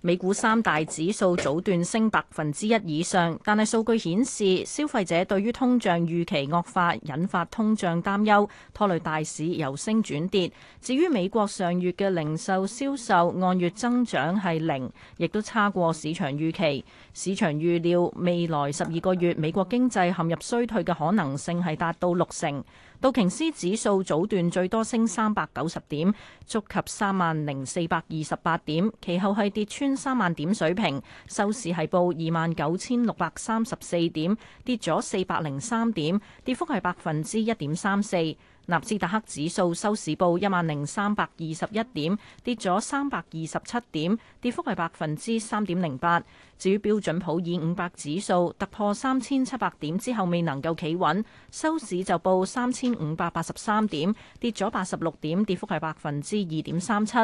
美股三大指數早段升百分之一以上，但係數據顯示消費者對於通脹預期惡化，引發通脹擔憂，拖累大市由升轉跌。至於美國上月嘅零售銷售按月增長係零，亦都差過市場預期。市場預料未來十二個月美國經濟陷入衰退嘅可能性係達到六成。道瓊斯指數早段最多升三百九十點，觸及三萬零四百二十八點，其後係跌穿三萬點水平，收市係報二萬九千六百三十四點，跌咗四百零三點，跌幅係百分之一點三四。納斯達克指數收市報一萬零三百二十一點，跌咗三百二十七點，跌幅係百分之三點零八。至於標準普爾五百指數突破三千七百點之後未能夠企穩，收市就報三千五百八十三點，跌咗八十六點，跌幅係百分之二點三七。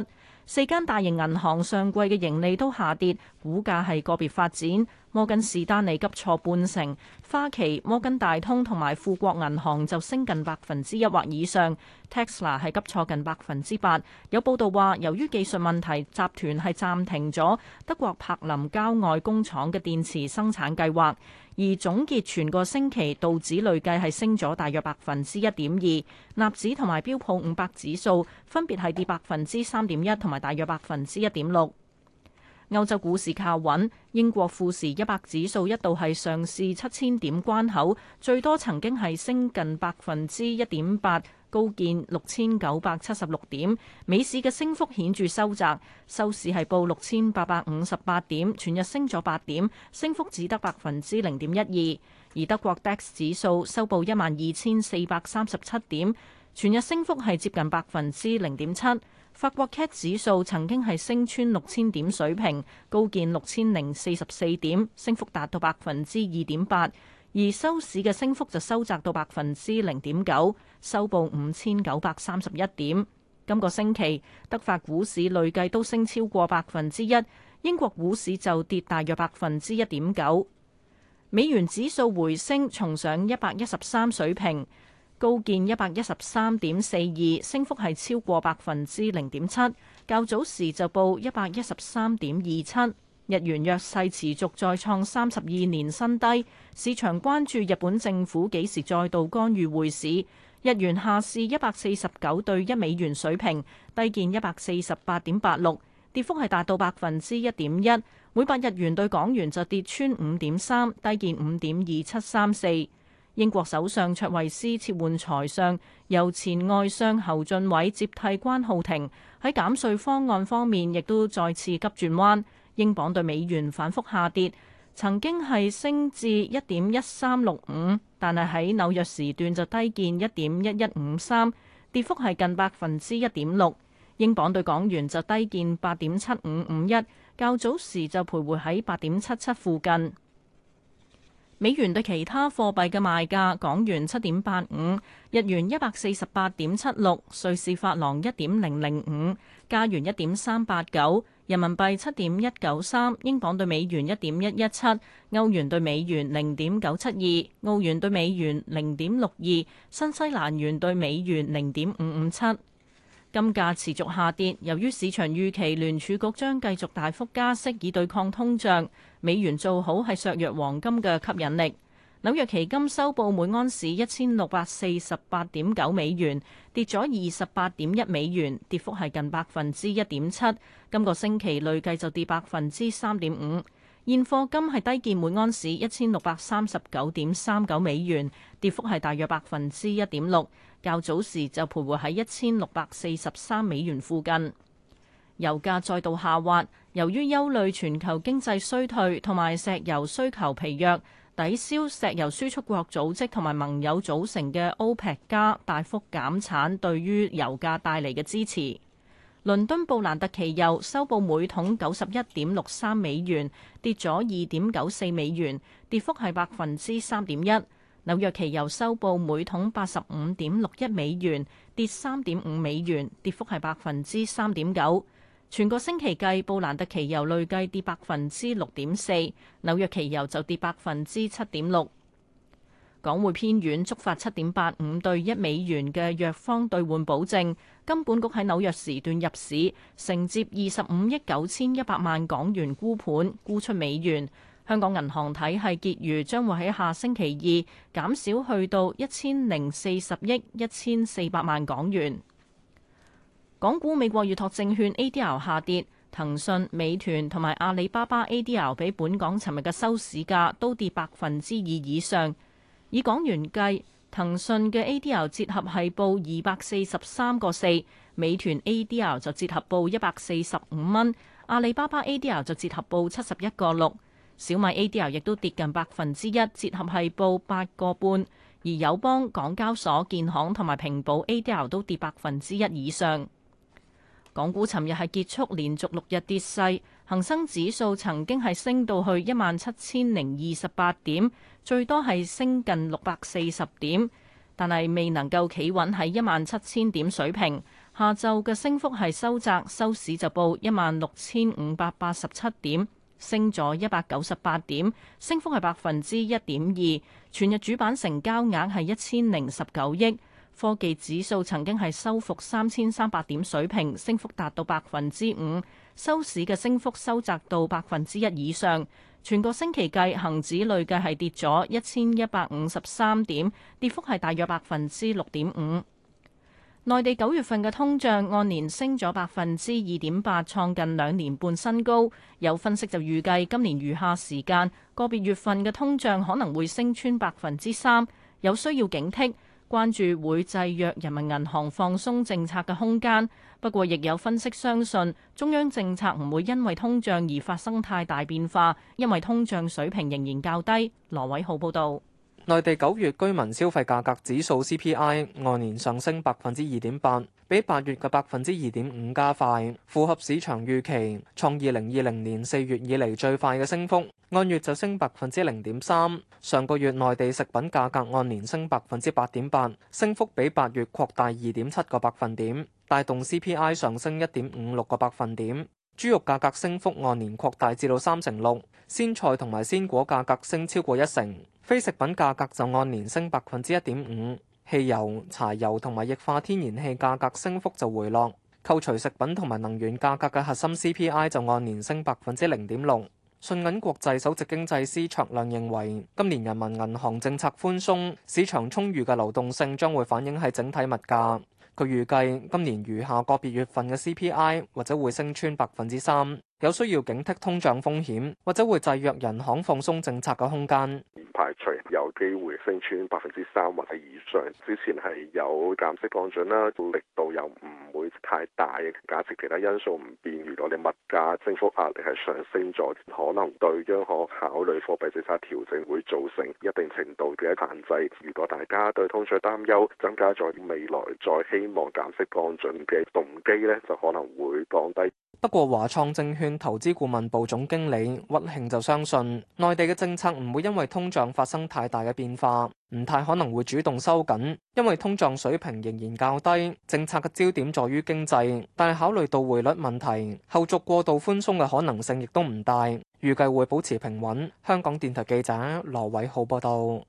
四間大型銀行上季嘅盈利都下跌，股價係個別發展。摩根士丹利急挫半成，花旗、摩根大通同埋富國銀行就升近百分之一或以上。Tesla 係急挫近百分之八。有報道話，由於技術問題，集團係暫停咗德國柏林郊外工廠嘅電池生產計劃。而總結全個星期，道指累計係升咗大約百分之一點二，納指同埋標普五百指數分別係跌百分之三點一同埋大約百分之一點六。歐洲股市靠穩，英國富時一百指數一度係上試七千點關口，最多曾經係升近百分之一點八。高見六千九百七十六點，美市嘅升幅顯著收窄，收市係報六千八百五十八點，全日升咗八點，升幅只得百分之零點一二。而德國 DAX 指數收報一萬二千四百三十七點，全日升幅係接近百分之零點七。法國 CAC 指數曾經係升穿六千點水平，高見六千零四十四點，升幅達到百分之二點八。而收市嘅升幅就收窄到百分之零點九，收報五千九百三十一點。今個星期德法股市累計都升超過百分之一，英國股市就跌大約百分之一點九。美元指數回升，重上一百一十三水平，高見一百一十三點四二，升幅係超過百分之零點七。較早時就報一百一十三點二七。日元弱勢持續，再創三十二年新低，市場關注日本政府幾時再度干預匯市。日元下試一百四十九對一美元水平，低見一百四十八點八六，跌幅係達到百分之一點一。每百日元對港元就跌穿五點三，低見五點二七三四。英國首相卓慧斯撤換財相，由前外相侯俊偉接替關浩庭。喺減稅方案方面，亦都再次急轉彎。英鎊對美元反覆下跌，曾經係升至一點一三六五，但係喺紐約時段就低見一點一一五三，跌幅係近百分之一點六。英鎊對港元就低見八點七五五一，較早時就徘徊喺八點七七附近。美元對其他貨幣嘅賣價，港元七點八五，日元一百四十八點七六，瑞士法郎一點零零五，加元一點三八九，人民幣七點一九三，英鎊兌美元一點一一七，歐元兌美元零點九七二，澳元兌美元零點六二，新西蘭元兌美元零點五五七。金價持續下跌，由於市場預期聯儲局將繼續大幅加息以對抗通脹，美元做好係削弱黃金嘅吸引力。紐約期金收報每安士一千六百四十八點九美元，跌咗二十八點一美元，跌幅係近百分之一點七。今個星期累計就跌百分之三點五。現貨金係低見每安士一千六百三十九點三九美元，跌幅係大約百分之一點六。較早時就徘徊喺一千六百四十三美元附近。油價再度下滑，由於憂慮全球經濟衰退同埋石油需求疲弱。抵消石油輸出國組織同埋盟友組成嘅 OPEC 加大幅減產對於油價帶嚟嘅支持。倫敦布蘭特期油收報每桶九十一點六三美元，跌咗二點九四美元，跌幅係百分之三點一。紐約期油收報每桶八十五點六一美元，跌三點五美元，跌幅係百分之三點九。全個星期計，布蘭特期油累計跌百分之六點四，紐約期油就跌百分之七點六。港匯偏軟，觸發七點八五對一美元嘅弱方兌換保證。金管局喺紐約時段入市，承接二十五億九千一百萬港元沽盤，沽出美元。香港銀行體系結餘將會喺下星期二減少去到一千零四十億一千四百萬港元。港股美國預託證券 ADR 下跌，騰訊、美團同埋阿里巴巴 ADR 比本港尋日嘅收市價都跌百分之二以上。以港元計，騰訊嘅 ADR 折合係報二百四十三個四，美團 ADR 就折合報一百四十五蚊，阿里巴巴 ADR 就折合報七十一個六，小米 ADR 亦都跌近百分之一，折合係報八個半。而友邦、港交所、建行同埋平保 ADR 都跌百分之一以上。港股尋日係結束連續六日跌勢，恒生指數曾經係升到去一萬七千零二十八點，最多係升近六百四十點，但係未能夠企穩喺一萬七千點水平。下晝嘅升幅係收窄，收市就報一萬六千五百八十七點，升咗一百九十八點，升幅係百分之一點二。全日主板成交額係一千零十九億。科技指數曾經係收復三千三百點水平，升幅達到百分之五，收市嘅升幅收窄到百分之一以上。全個星期計，恒指累計係跌咗一千一百五十三點，跌幅係大約百分之六點五。內地九月份嘅通脹按年升咗百分之二點八，創近兩年半新高。有分析就預計今年餘下時間個別月份嘅通脹可能會升穿百分之三，有需要警惕。關注會制約人民銀行放鬆政策嘅空間，不過亦有分析相信中央政策唔會因為通脹而發生太大變化，因為通脹水平仍然較低。羅偉浩報導，內地九月居民消費價格指數 CPI 按年上升百分之二點八。比八月嘅百分之二點五加快，符合市場預期，創二零二零年四月以嚟最快嘅升幅。按月就升百分之零點三。上個月內地食品價格按年升百分之八點八，升幅比八月擴大二點七個百分點，帶動 CPI 上升一點五六個百分點，豬肉價格升幅按年擴大至到三成六，鮮菜同埋鮮果價格升超過一成，非食品價格就按年升百分之一點五。汽油、柴油同埋液化天然氣價格升幅就回落，扣除食品同埋能源價格嘅核心 CPI 就按年升百分之零點六。信銀國際首席經濟師卓亮認為，今年人民銀行政策寬鬆，市場充裕嘅流動性將會反映喺整體物價，佢預計今年餘下個別月份嘅 CPI 或者會升穿百分之三。有需要警惕通脹風險，或者會制約人行放鬆政策嘅空間。唔排除有機會升穿百分之三或者以上。之前係有減息降準啦，力度又唔會太大。假設其他因素唔變，如果你物價升幅壓力係上升咗，可能對央行考慮貨幣政策調整會造成一定程度嘅限制。如果大家對通脹擔憂增加咗，未來再希望減息降準嘅動機呢就可能會降低。不過華創證券投資顧問部總經理屈慶就相信，內地嘅政策唔會因為通脹發生太大嘅變化，唔太可能會主動收緊，因為通脹水平仍然較低，政策嘅焦點在於經濟。但係考慮到匯率問題，後續過度寬鬆嘅可能性亦都唔大，預計會保持平穩。香港電台記者羅偉浩報道。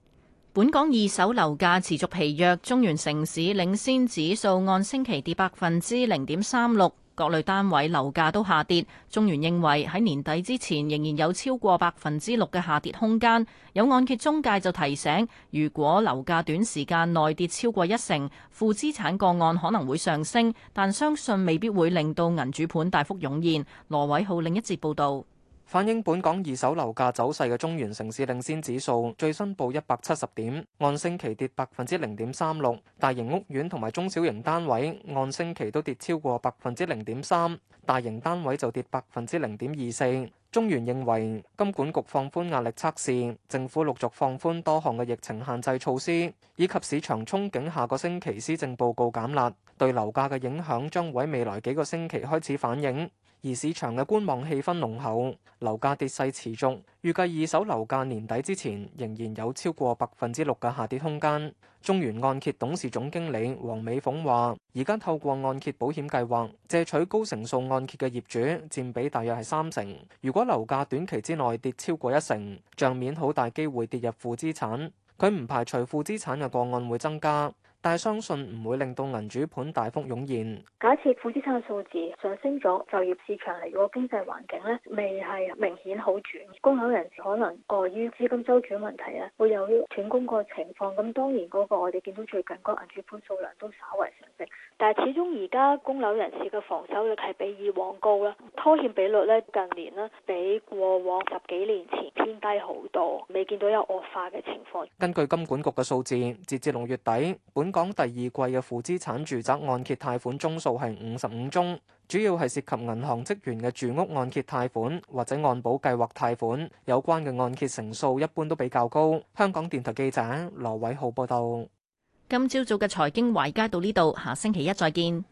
本港二手樓價持續疲弱，中原城市領先指數按星期跌百分之零點三六。各類單位樓價都下跌，中原認為喺年底之前仍然有超過百分之六嘅下跌空間。有按揭中介就提醒，如果樓價短時間內跌超過一成，負資產個案可能會上升，但相信未必會令到銀主盤大幅湧現。羅偉浩另一節報導。反映本港二手樓價走勢嘅中原城市領先指數最新報一百七十點，按星期跌百分之零點三六。大型屋苑同埋中小型單位按星期都跌超過百分之零點三，大型單位就跌百分之零點二四。中原認為金管局放寬壓力測試，政府陸續放寬多項嘅疫情限制措施，以及市場憧憬下個星期施政報告減辣，對樓價嘅影響將會喺未來幾個星期開始反映。而市場嘅觀望氣氛濃厚，樓價跌勢持續，預計二手樓價年底之前仍然有超過百分之六嘅下跌空間。中原按揭董事總經理黃美鳳話，而家透過按揭保險計劃，借取高成數按揭嘅業主佔比大約係三成，如果樓價短期之內跌超過一成，帳面好大機會跌入負資產，佢唔排除負資產嘅個案會增加。但係相信唔會令到銀主盤大幅湧現。假設負資產嘅數字上升咗，就業市場嚟個經濟環境呢，未係明顯好轉。供樓人士可能礙於資金周轉問題呢，會有斷供個情況。咁當然，嗰個我哋見到最近個銀主盤數量都稍為上升，但係始終而家供樓人士嘅防守率係比以往高啦。拖欠比率呢近年呢比過往十幾年前偏低好多，未見到有惡化嘅情況。根據金管局嘅數字，截至六月底本港第二季嘅負資產住宅按揭貸款數宗數係五十五宗，主要係涉及銀行職員嘅住屋按揭貸款或者按保計劃貸款，有關嘅按揭成數一般都比較高。香港電台記者羅偉浩報道。今朝早嘅財經華爾街到呢度，下星期一再見。